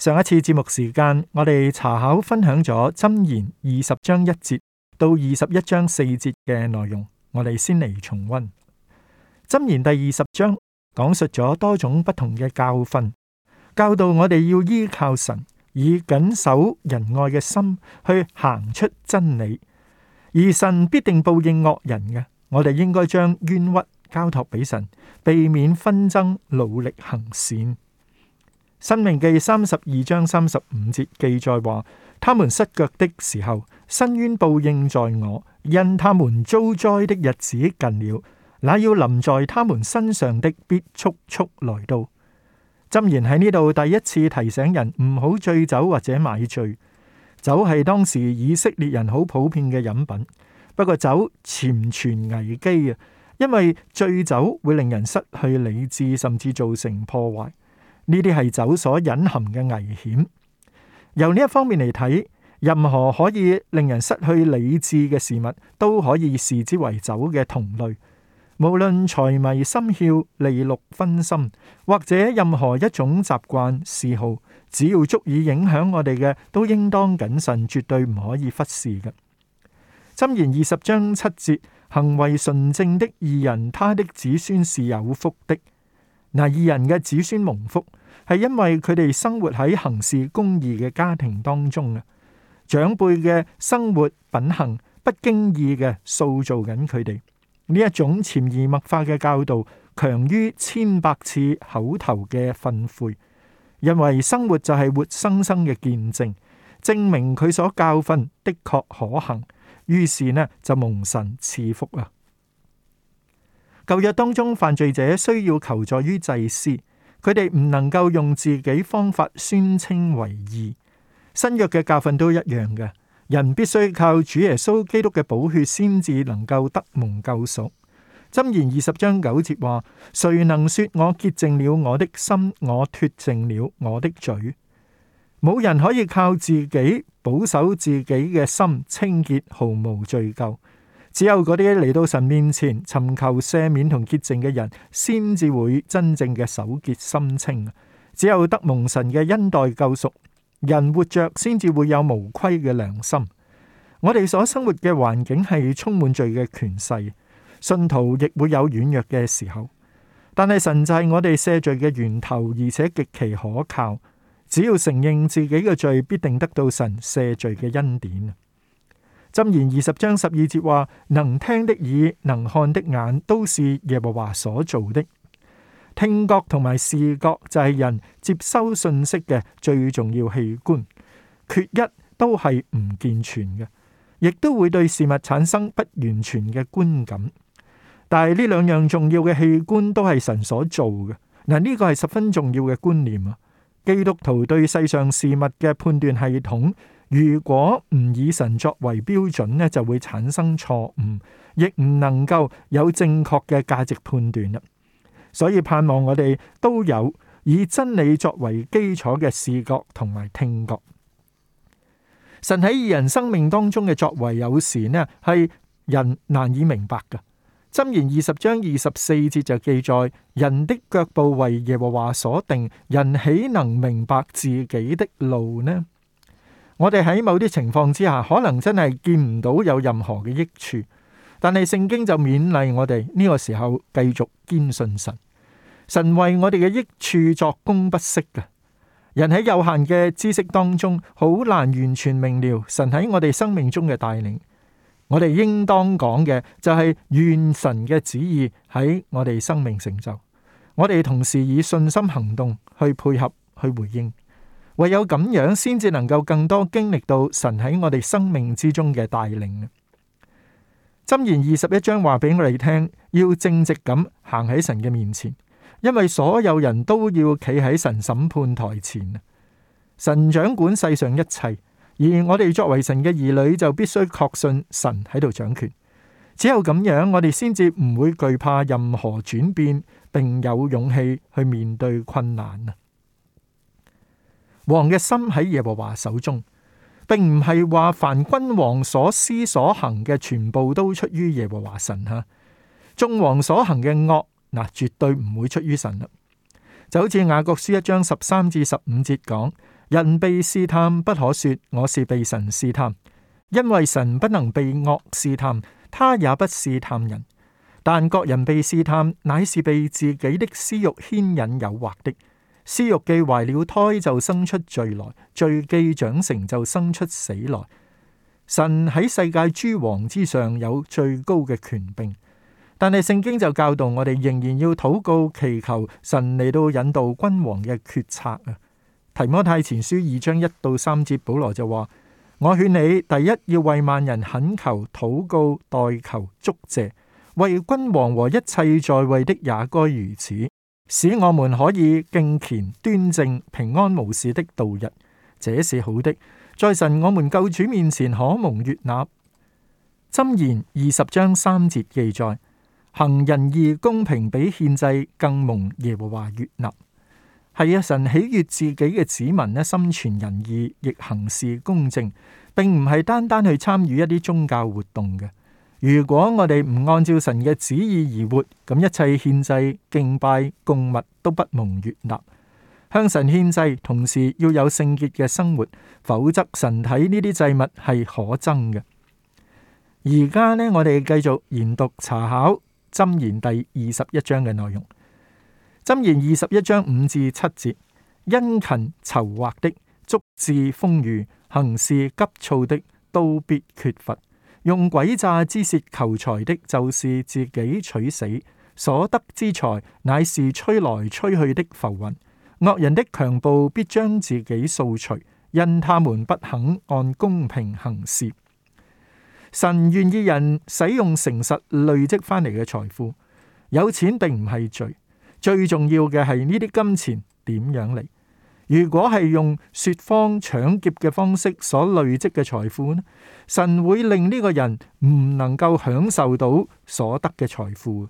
上一次節目時間，我哋查考分享咗箴言二十章一節到二十一章四節嘅內容，我哋先嚟重温箴言第二十章講述咗多種不同嘅教訓，教導我哋要依靠神，以謹守仁愛嘅心去行出真理。而神必定報應惡人嘅，我哋應該將冤屈交託俾神，避免紛爭，努力行善。申命記三十二章三十五節記載話：他們失腳的時候，伸冤報應在我；因他們遭災的日子近了，那要臨在他們身上的必速速來到。箴言喺呢度第一次提醒人唔好醉酒或者買醉。酒係當時以色列人好普遍嘅飲品，不過酒潛存危機啊，因為醉酒會令人失去理智，甚至造成破壞。呢啲係酒所隱含嘅危險。由呢一方面嚟睇，任何可以令人失去理智嘅事物，都可以視之為酒嘅同類。無論財迷心竅、利祿分心，或者任何一種習慣嗜好，只要足以影響我哋嘅，都應當謹慎，絕對唔可以忽視嘅。箴言二十章七節：行為純正的義人，他的子孫是有福的。嗱，義人嘅子孫蒙福。係因為佢哋生活喺行事公義嘅家庭當中啊，長輩嘅生活品行不經意嘅塑造緊佢哋。呢一種潛移默化嘅教導強於千百次口頭嘅訓誨，因為生活就係活生生嘅見證，證明佢所教訓的確可行。於是呢就蒙神賜福啦！舊約當中犯罪者需要求助於祭司，佢哋唔能夠用自己方法宣稱為義，新約嘅教訓都一樣嘅。人必須靠主耶穌基督嘅寶血，先至能夠得蒙救贖。箴言二十章九節話：誰能說我潔淨了我的心，我脫淨了我的罪？冇人可以靠自己保守自己嘅心清潔，毫無罪疚。只有嗰啲嚟到神面前尋求赦免同潔淨嘅人，先至會真正嘅手潔心清。只有得蒙神嘅恩待救贖，人活着先至會有無愧嘅良心。我哋所生活嘅環境係充滿罪嘅權勢，信徒亦會有軟弱嘅時候。但係神就係我哋赦罪嘅源頭，而且極其可靠。只要承認自己嘅罪，必定得到神赦罪嘅恩典。箴言二十章十二節話：能聽的耳、能看的眼，都是耶和華所做的。聽覺同埋視覺就係人接收信息嘅最重要器官，缺一都係唔健全嘅，亦都會對事物產生不完全嘅觀感。但係呢兩樣重要嘅器官都係神所做嘅。嗱，呢個係十分重要嘅觀念啊！基督徒對世上事物嘅判斷系統。如果唔以神作為標準咧，就會產生錯誤，亦唔能夠有正確嘅價值判斷啦。所以盼望我哋都有以真理作為基礎嘅視覺同埋聽覺。神喺二人生命當中嘅作為，有時咧係人難以明白噶。箴言二十章二十四節就記載：人的腳步為耶和華所定，人豈能明白自己的路呢？我哋喺某啲情況之下，可能真係見唔到有任何嘅益處，但係聖經就勉勵我哋呢個時候繼續堅信神。神為我哋嘅益處作功不息嘅。人喺有限嘅知識當中，好難完全明了神喺我哋生命中嘅帶領。我哋應當講嘅就係願神嘅旨意喺我哋生命成就。我哋同時以信心行動去配合去回應。唯有咁樣，先至能夠更多經歷到神喺我哋生命之中嘅帶領。箴言二十一章話俾我哋聽，要正直咁行喺神嘅面前，因為所有人都要企喺神審判台前。神掌管世上一切，而我哋作為神嘅兒女，就必須確信神喺度掌權。只有咁樣，我哋先至唔會懼怕任何轉變，並有勇氣去面對困難。王嘅心喺耶和華手中，並唔係話凡君王所思所行嘅全部都出於耶和華神吓，眾王所行嘅惡嗱，絕對唔會出於神啦。就好似雅各書一章十三至十五節講：人被試探，不可說我是被神試探，因為神不能被惡試探，他也不試探人。但各人被試探，乃是被自己的私欲牽引誘惑的。私欲既懷了胎，就生出罪來；罪既長成，就生出死來。神喺世界諸王之上有最高嘅權柄，但係聖經就教導我哋仍然要禱告、祈求神嚟到引導君王嘅決策啊。提摩太前書二章一到三節，保羅就話：我勸你第一要為萬人懇求、禱告、代求、祝謝，為君王和一切在位的也該如此。使我們可以敬虔、端正、平安無事的度日，這是好的。在神、我們救主面前可蒙悅納。箴言二十章三節記載：行仁義、公平，比獻祭更蒙耶和華悅納。係啊，神喜悅自己嘅子民呢，心存仁義，亦行事公正，並唔係單單去參與一啲宗教活動嘅。如果我哋唔按照神嘅旨意而活，咁一切獻祭敬拜供物，都不蒙悅納。向神獻祭，同時要有聖潔嘅生活，否則神睇呢啲祭物係可憎嘅。而家呢，我哋繼續研讀查考箴言第二十一章嘅內容。箴言二十一章五至七節：殷勤籌劃的，足致豐裕；行事急躁的，都必缺乏。用詭詐之舌求財的，就是自己取死；所得之財，乃是吹來吹去的浮雲。惡人的強暴必將自己掃除，因他們不肯按公平行事。神願意人使用誠實累積翻嚟嘅財富，有錢並唔係罪，最重要嘅係呢啲金錢點樣嚟。如果係用說謊搶劫嘅方式所累積嘅財富呢？神會令呢個人唔能夠享受到所得嘅財富。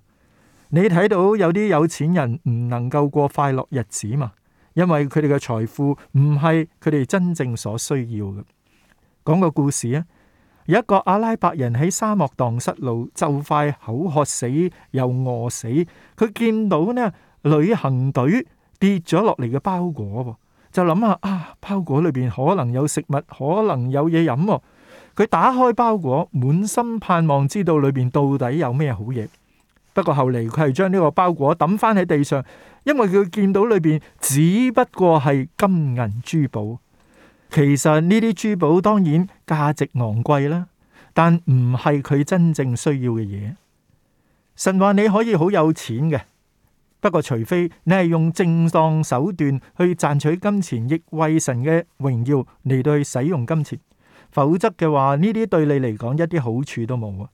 你睇到有啲有錢人唔能夠過快樂日子嘛？因為佢哋嘅財富唔係佢哋真正所需要嘅。講個故事啊，有一個阿拉伯人喺沙漠蕩失路，就快口渴死又餓死。佢見到呢旅行隊跌咗落嚟嘅包裹。就諗下啊，包裹裏邊可能有食物，可能有嘢飲啊。佢打開包裹，滿心盼望知道裏邊到底有咩好嘢。不過後嚟佢係將呢個包裹抌翻喺地上，因為佢見到裏邊只不過係金銀珠寶。其實呢啲珠寶當然價值昂貴啦，但唔係佢真正需要嘅嘢。神話你可以好有錢嘅。不過，除非你係用正當手段去賺取金錢，亦為神嘅榮耀嚟到去使用金錢，否則嘅話，呢啲對你嚟講一啲好處都冇啊。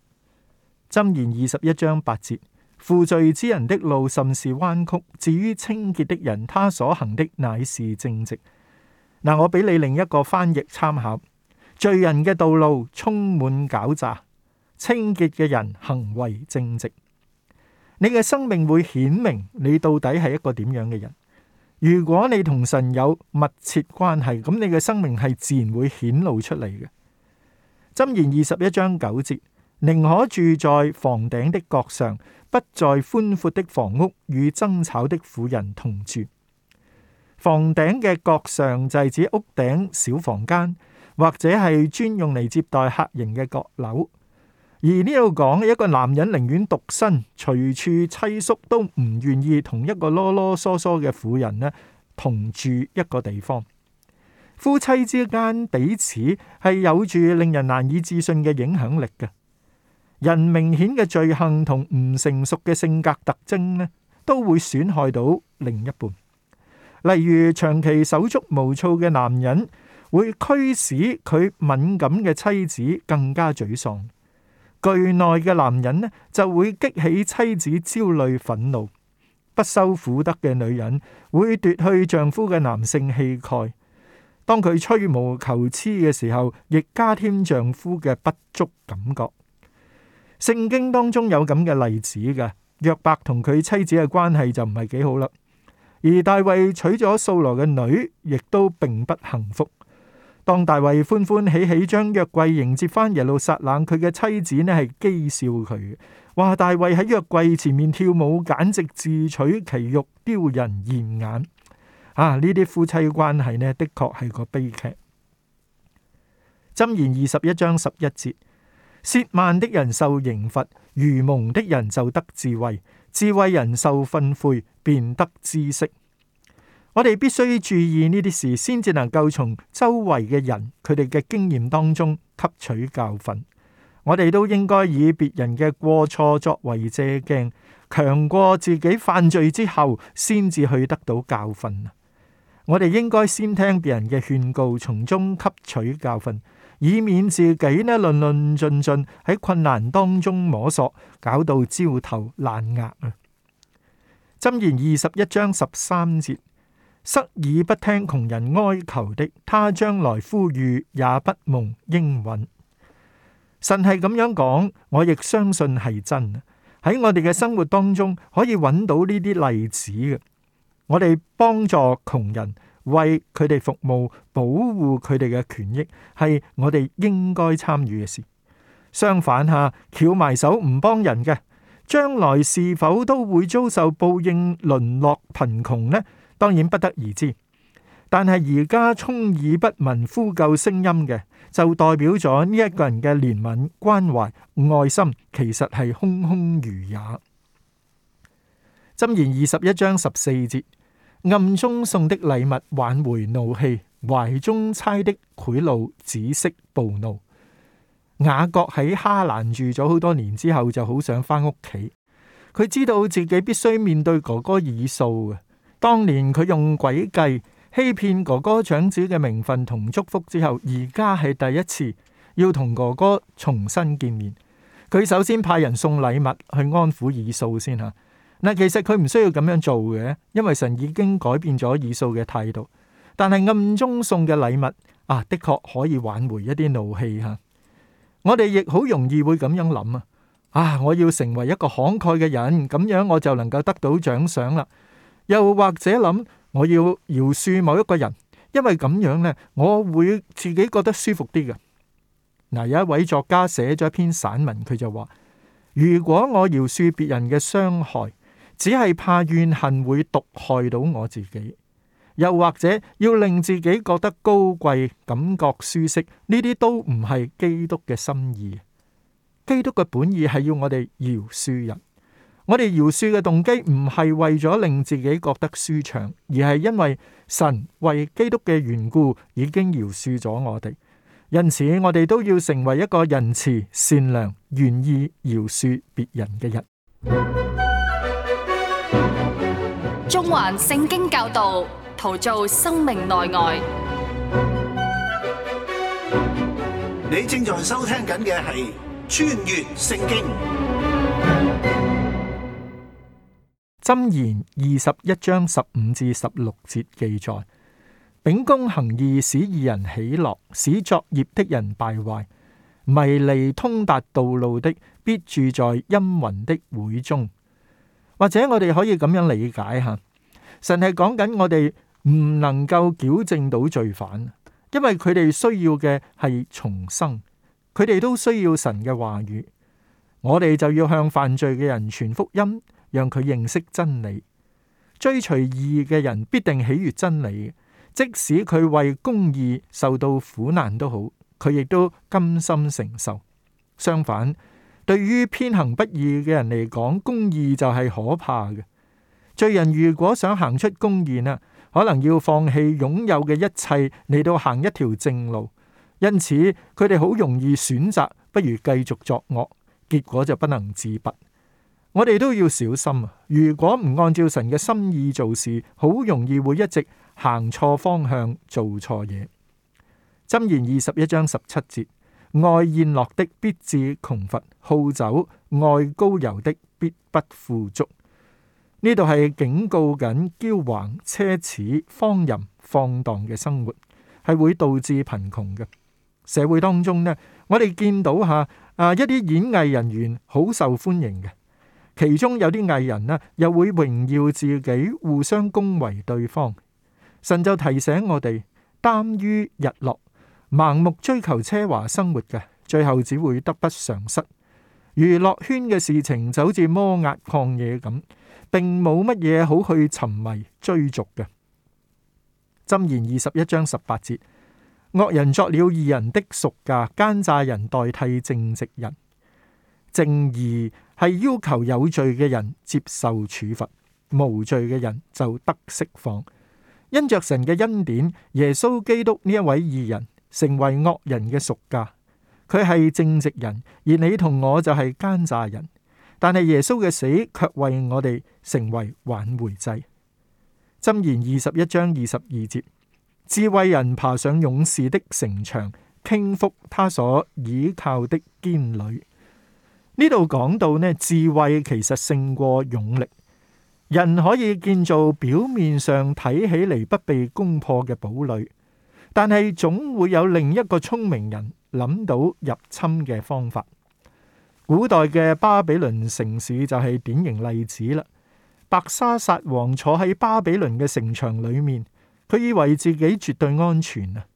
箴言二十一章八節：負罪之人的路甚是彎曲，至於清潔的人，他所行的乃是正直。嗱，我俾你另一個翻譯參考：罪人嘅道路充滿狡詐，清潔嘅人行為正直。你嘅生命會顯明你到底係一個點樣嘅人。如果你同神有密切關係，咁你嘅生命係自然會顯露出嚟嘅。箴言二十一章九節，寧可住在房頂的角上，不在寬闊的房屋與爭吵的婦人同住。房頂嘅角上就係指屋頂小房間，或者係專用嚟接待客人嘅閣樓。而呢度講一個男人寧願獨身，隨處棲宿，都唔願意同一個囉囉嗦嗦嘅婦人呢同住一個地方。夫妻之間彼此係有住令人難以置信嘅影響力嘅。人明顯嘅罪行同唔成熟嘅性格特徵呢，都會損害到另一半。例如長期手足無措嘅男人，會驅使佢敏感嘅妻子更加沮喪。巨內嘅男人呢，就會激起妻子焦慮、憤怒；不修婦德嘅女人會奪去丈夫嘅男性氣概。當佢吹毛求疵嘅時候，亦加添丈夫嘅不足感覺。聖經當中有咁嘅例子嘅，約伯同佢妻子嘅關係就唔係幾好啦。而大衛娶咗掃羅嘅女，亦都並不幸福。當大衛歡歡喜喜將約櫃迎接返耶路撒冷，佢嘅妻子呢係譏笑佢嘅，話大衛喺約櫃前面跳舞，簡直自取其辱，丟人現眼。啊，呢啲夫妻關係呢的確係個悲劇。箴言二十一章十一節：褻慢的人受刑罰，愚蒙的人就得智慧，智慧人受訓誨，便得知識。我哋必須注意呢啲事，先至能夠從周圍嘅人佢哋嘅經驗當中吸取教訓。我哋都應該以別人嘅過錯作為借鏡，強過自己犯罪之後先至去得到教訓。我哋應該先聽別人嘅勸告，從中吸取教訓，以免自己呢論論盡盡喺困難當中摸索，搞到焦頭爛額啊！箴言二十一章十三節。塞耳不聽窮人哀求的，他將來呼籲也不蒙應允。神係咁樣講，我亦相信係真。喺我哋嘅生活當中可以揾到呢啲例子嘅。我哋幫助窮人，為佢哋服務，保護佢哋嘅權益，係我哋應該參與嘅事。相反下，翹埋手唔幫人嘅，將來是否都會遭受報應，淪落貧窮呢？當然不得而知，但係而家充耳不聞呼救聲音嘅，就代表咗呢一個人嘅憐憫、關懷、愛心其實係空空如也。箴言二十一章十四節：暗中送的禮物挽回怒氣，懷中揣的賄賂止息暴怒。雅各喺哈蘭住咗好多年之後，就好想翻屋企。佢知道自己必須面對哥哥以掃當年佢用詭計欺騙哥哥長子嘅名分同祝福之後，而家係第一次要同哥哥重新見面。佢首先派人送禮物去安撫以掃先吓。嗱，其實佢唔需要咁樣做嘅，因為神已經改變咗以掃嘅態度。但係暗中送嘅禮物啊，的確可以挽回一啲怒氣吓。我哋亦好容易會咁樣諗啊！啊，我要成為一個慷慨嘅人，咁樣我就能夠得到獎賞啦。又或者諗，我要饒恕某一個人，因為咁樣呢，我會自己覺得舒服啲嘅。嗱，有一位作家寫咗一篇散文，佢就話：如果我饒恕別人嘅傷害，只係怕怨恨會毒害到我自己；又或者要令自己覺得高貴、感覺舒適，呢啲都唔係基督嘅心意。基督嘅本意係要我哋饒恕人。我哋饒恕嘅動機唔係為咗令自己覺得舒暢，而係因為神為基督嘅緣故已經饒恕咗我哋，因此我哋都要成為一個仁慈、善良、願意饒恕別人嘅人。中環聖經教導，陶造生命內外。你正在收聽緊嘅係《穿越聖經》。箴言二十一章十五至十六節記載：秉公行義，使義人喜樂，使作孽的人敗壞，迷離通達道路的，必住在陰魂的會中。或者我哋可以咁樣理解吓，神係講緊我哋唔能夠矯正到罪犯，因為佢哋需要嘅係重生，佢哋都需要神嘅話語。我哋就要向犯罪嘅人傳福音。讓佢認識真理，追隨義嘅人必定喜悦真理，即使佢為公義受到苦難都好，佢亦都甘心承受。相反，對於偏行不義嘅人嚟講，公義就係可怕嘅。罪人如果想行出公義啊，可能要放棄擁有嘅一切嚟到行一條正路，因此佢哋好容易選擇，不如繼續作惡，結果就不能自拔。我哋都要小心啊！如果唔按照神嘅心意做事，好容易會一直行錯方向，做錯嘢。箴言二十一章十七節：愛宴樂的必致窮乏，好酒；愛膏油的必不富足。呢度係警告緊驕橫、奢侈、荒淫放蕩嘅生活，係會導致貧窮嘅。社會當中呢，我哋見到吓啊一啲演藝人員好受歡迎嘅。其中有啲藝人咧，又會榮耀自己，互相恭維對方。神就提醒我哋，耽於日落、盲目追求奢華生活嘅，最後只會得不償失。娛樂圈嘅事情，就好似摩壓礦嘢咁，並冇乜嘢好去沉迷追逐嘅。箴言二十一章十八節：惡人作了義人的贖價，奸詐人代替正直人。正義係要求有罪嘅人接受處罰，無罪嘅人就得釋放。因着神嘅恩典，耶穌基督呢一位義人成為惡人嘅贖價。佢係正直人，而你同我就係奸詐人。但係耶穌嘅死卻為我哋成為挽回祭。箴言二十一章二十二節：智慧人爬上勇士的城牆，傾覆他所倚靠的堅壘。呢度講到呢，智慧其實勝過勇力，人可以建造表面上睇起嚟，不被攻破嘅堡壘，但係總會有另一個聰明人諗到入侵嘅方法。古代嘅巴比倫城市就係典型例子啦。伯沙撒王坐喺巴比倫嘅城牆裏面，佢以為自己絕對安全啊。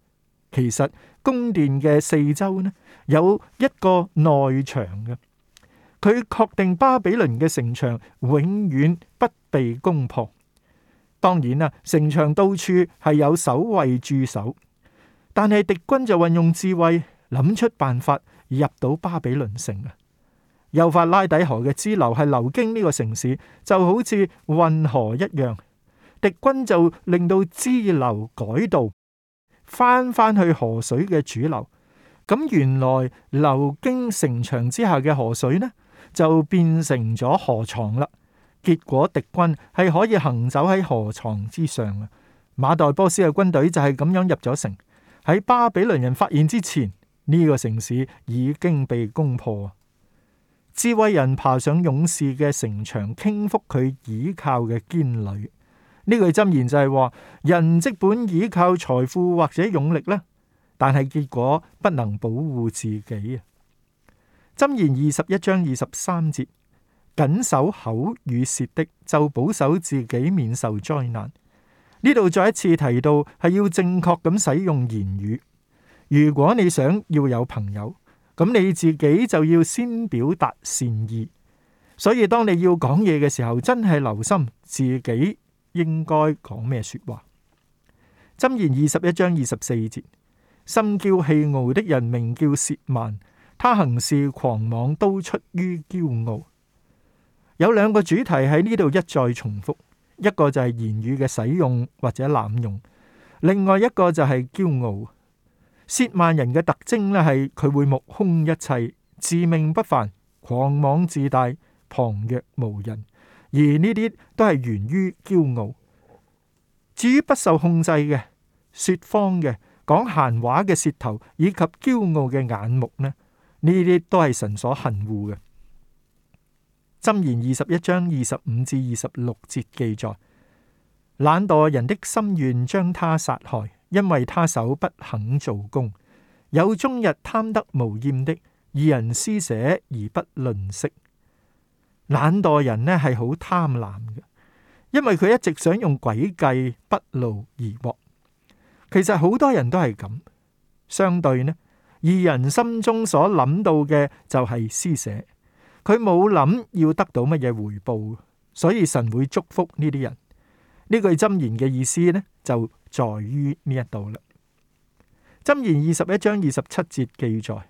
其實宮殿嘅四周呢，有一個內牆嘅、啊。佢確定巴比倫嘅城牆永遠不被攻破。當然啦，城牆到處係有守衛駐守，但係敵軍就運用智慧諗出辦法入到巴比倫城啊！幼發拉底河嘅支流係流經呢個城市，就好似運河一樣。敵軍就令到支流改道，返返去河水嘅主流。咁原來流經城牆之下嘅河水呢？就變成咗河床啦，結果敵軍係可以行走喺河床之上啊！馬代波斯嘅軍隊就係咁樣入咗城，喺巴比倫人發現之前，呢個城市已經被攻破。智慧人爬上勇士嘅城牆，傾覆佢倚靠嘅堅壘。呢句箴言就係話：人即本倚靠財富或者勇力呢，但係結果不能保護自己箴言二十一章二十三節，謹守口與舌的，就保守自己免受災難。呢度再一次提到係要正確咁使用言語。如果你想要有朋友，咁你自己就要先表達善意。所以當你要講嘢嘅時候，真係留心自己應該講咩說話。箴言二十一章二十四節，心驕氣傲的人名叫褻慢。他行事狂妄，都出於驕傲。有兩個主題喺呢度一再重複，一個就係言語嘅使用或者濫用，另外一個就係驕傲。褻慢人嘅特徵呢，係佢會目空一切、自命不凡、狂妄自大、旁若無人，而呢啲都係源於驕傲。至於不受控制嘅說謊嘅講閒話嘅舌頭，以及驕傲嘅眼目呢？呢啲都係神所恨惡嘅。箴言二十一章二十五至二十六節記載：懶惰人的心願將他殺害，因為他手不肯做工。有終日貪得無厭的，義人施捨而不吝惜。懶惰人呢係好貪婪嘅，因為佢一直想用詭計不勞而獲。其實好多人都係咁，相對呢？二人心中所諗到嘅就係施捨，佢冇諗要得到乜嘢回報，所以神會祝福呢啲人。呢句箴言嘅意思呢，就在於呢一度啦。箴言二十一章二十七節記載：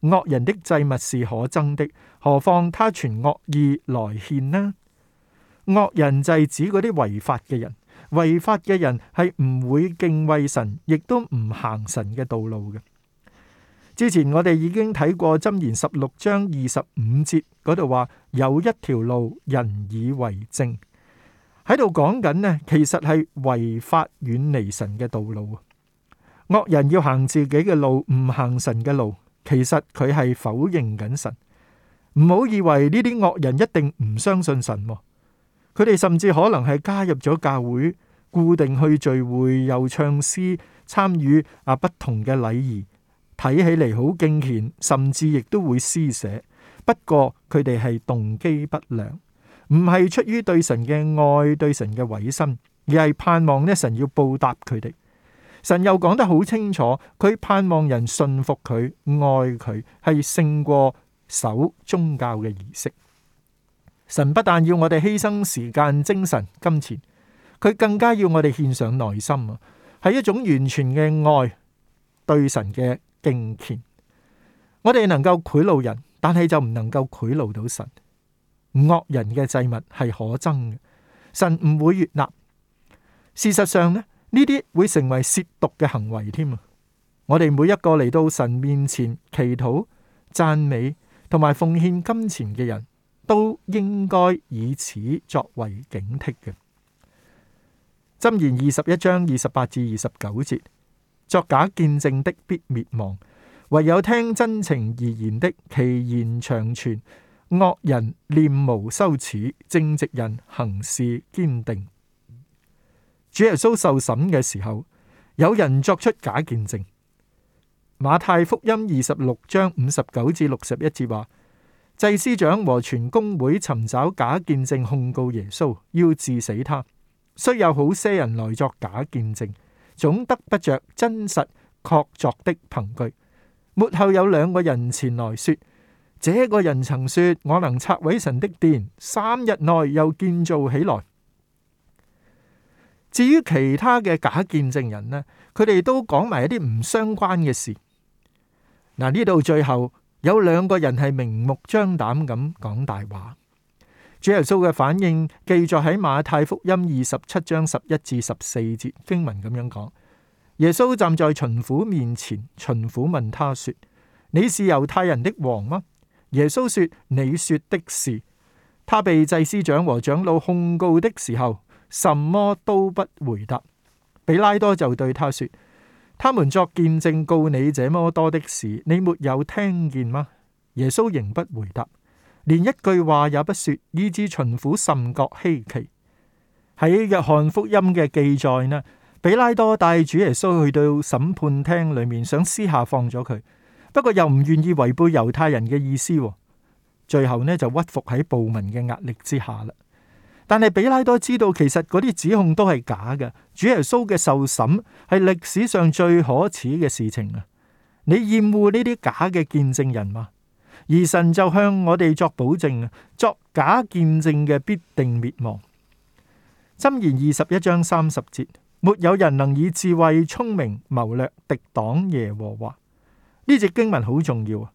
惡人的祭物是可憎的，何況他存惡意來獻呢？惡人就係指嗰啲違法嘅人，違法嘅人係唔會敬畏神，亦都唔行神嘅道路嘅。之前我哋已經睇過《箴言》十六章二十五節，嗰度話有一條路人以為正，喺度講緊呢，其實係違法遠離神嘅道路啊！惡人要行自己嘅路，唔行神嘅路，其實佢係否認緊神。唔好以為呢啲惡人一定唔相信神，佢哋甚至可能係加入咗教會，固定去聚會，又唱詩，參與啊不同嘅禮儀。睇起嚟好敬虔，甚至亦都會施捨。不過佢哋係動機不良，唔係出於對神嘅愛、對神嘅委身，而係盼望呢神要報答佢哋。神又講得好清楚，佢盼望人信服佢、愛佢，係勝過守宗教嘅儀式。神不但要我哋犧牲時間、精神、金錢，佢更加要我哋獻上內心啊，係一種完全嘅愛，對神嘅。敬虔，我哋能夠賄賂人，但係就唔能夠賄賂到神。惡人嘅祭物係可憎嘅，神唔會悅納。事實上呢，呢啲會成為褻瀆嘅行為添啊！我哋每一個嚟到神面前祈禱、讚美同埋奉獻金錢嘅人都應該以此作為警惕嘅。箴言二十一章二十八至二十九節。作假見證的必滅亡，唯有聽真情而言的，其言長存。惡人念無羞恥，正直人行事堅定。主耶穌受審嘅時候，有人作出假見證。馬太福音二十六章五十九至六十一節話：祭司長和全公會尋找假見證控告耶穌，要致死他。雖有好些人來作假見證。總得不着真實確鑿的憑據。末後有兩個人前來說：這個人曾說我能拆毀神的殿，三日內又建造起來。至於其他嘅假見證人呢，佢哋都講埋一啲唔相關嘅事。嗱，呢度最後有兩個人係明目張膽咁講大話。主耶穌嘅反應記載喺馬太福音二十七章十一至十四節經文咁樣講：耶穌站在巡撫面前，巡撫問他說：你是猶太人的王嗎？耶穌說：你說的是。他被祭司長和長老控告的時候，什麼都不回答。比拉多就對他說：他們作見證告你這麼多的事，你沒有聽見嗎？耶穌仍不回答。連一句話也不說，以至巡撫甚覺稀奇。喺約翰福音嘅記載呢，比拉多帶主耶穌去到審判廳裏面，想私下放咗佢，不過又唔願意違背猶太人嘅意思，最後呢就屈服喺暴民嘅壓力之下啦。但係比拉多知道其實嗰啲指控都係假嘅，主耶穌嘅受審係歷史上最可恥嘅事情啊！你厭惡呢啲假嘅見證人嗎？而神就向我哋作保證，作假見證嘅必定滅亡。箴言二十一章三十節，沒有人能以智慧、聰明、謀略敵擋耶和華。呢節經文好重要啊！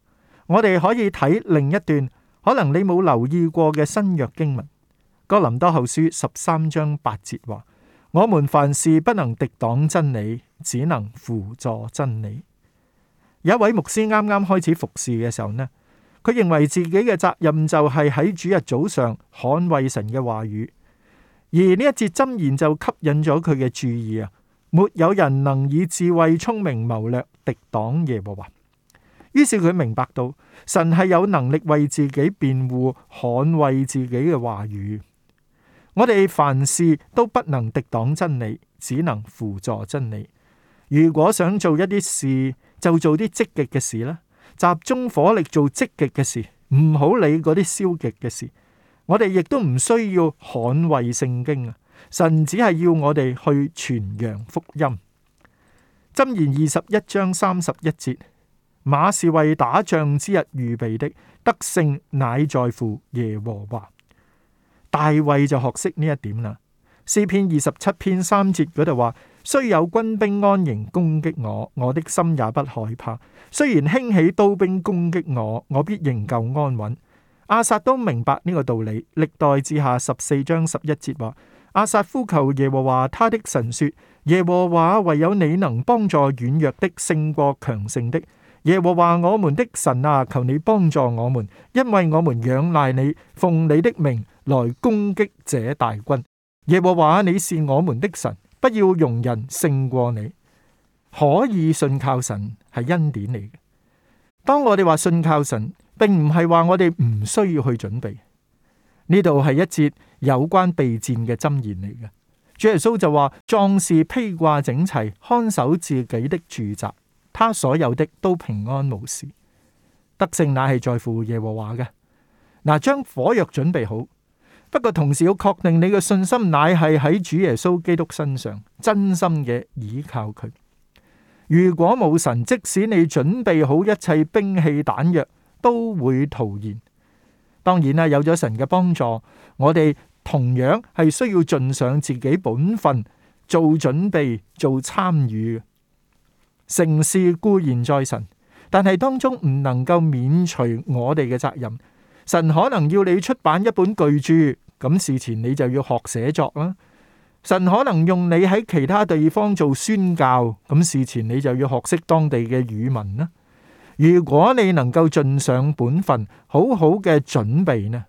我哋可以睇另一段，可能你冇留意過嘅新約經文，哥林多後書十三章八節話：我們凡事不能敵擋真理，只能輔助真理。有一位牧師啱啱開始服侍嘅時候呢，佢認為自己嘅責任就係喺主日早上捍衛神嘅話語，而呢一節箴言就吸引咗佢嘅注意啊！沒有人能以智慧、聰明、謀略敵擋耶和華，於是佢明白到神係有能力為自己辯護、捍衛自己嘅話語。我哋凡事都不能敵擋真理，只能輔助真理。如果想做一啲事，就做啲積極嘅事啦。集中火力做積極嘅事，唔好理嗰啲消極嘅事。我哋亦都唔需要捍衛聖經啊，神只係要我哋去傳揚福音。箴言二十一章三十一節，馬是為打仗之日預備的，得勝乃在乎耶和華。大衛就學識呢一點啦。詩篇二十七篇三節嗰度話。雖有軍兵安營攻擊我，我的心也不害怕；雖然興起刀兵攻擊我，我必仍舊安穩。亞撒都明白呢個道理。歷代志下十四章十一節話：亞撒呼求耶和華他的神說：耶和華唯有你能幫助軟弱的勝過強盛的。耶和華我們的神啊，求你幫助我們，因為我們仰賴你，奉你的名來攻擊這大軍。耶和華你是我們的神。不要容忍勝過你，可以信靠神係恩典嚟嘅。當我哋話信靠神，並唔係話我哋唔需要去準備。呢度係一節有關備戰嘅針言嚟嘅。主耶穌就話：壯士披掛整齊，看守自己的住宅，他所有的都平安無事。得勝乃係在乎耶和華嘅。嗱，將火藥準備好。不過同時要確定你嘅信心乃係喺主耶穌基督身上，真心嘅依靠佢。如果冇神，即使你準備好一切兵器彈藥，都會徒然。當然啦，有咗神嘅幫助，我哋同樣係需要盡上自己本分，做準備，做參與。成事固然在神，但係當中唔能夠免除我哋嘅責任。神可能要你出版一本巨著，咁事前你就要學寫作啦。神可能用你喺其他地方做宣教，咁事前你就要學識當地嘅語文啦。如果你能夠盡上本分，好好嘅準備呢，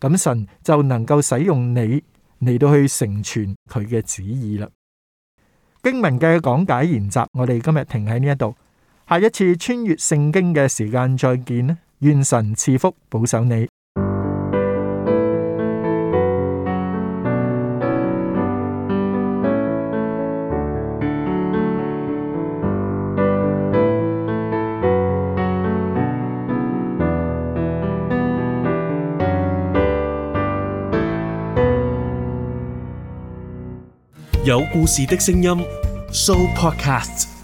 咁神就能夠使用你嚟到去成全佢嘅旨意啦。經文嘅講解研習，我哋今日停喺呢一度，下一次穿越聖經嘅時間再見啦。願神賜福，保守你。有故事的聲音，Sooopodcast。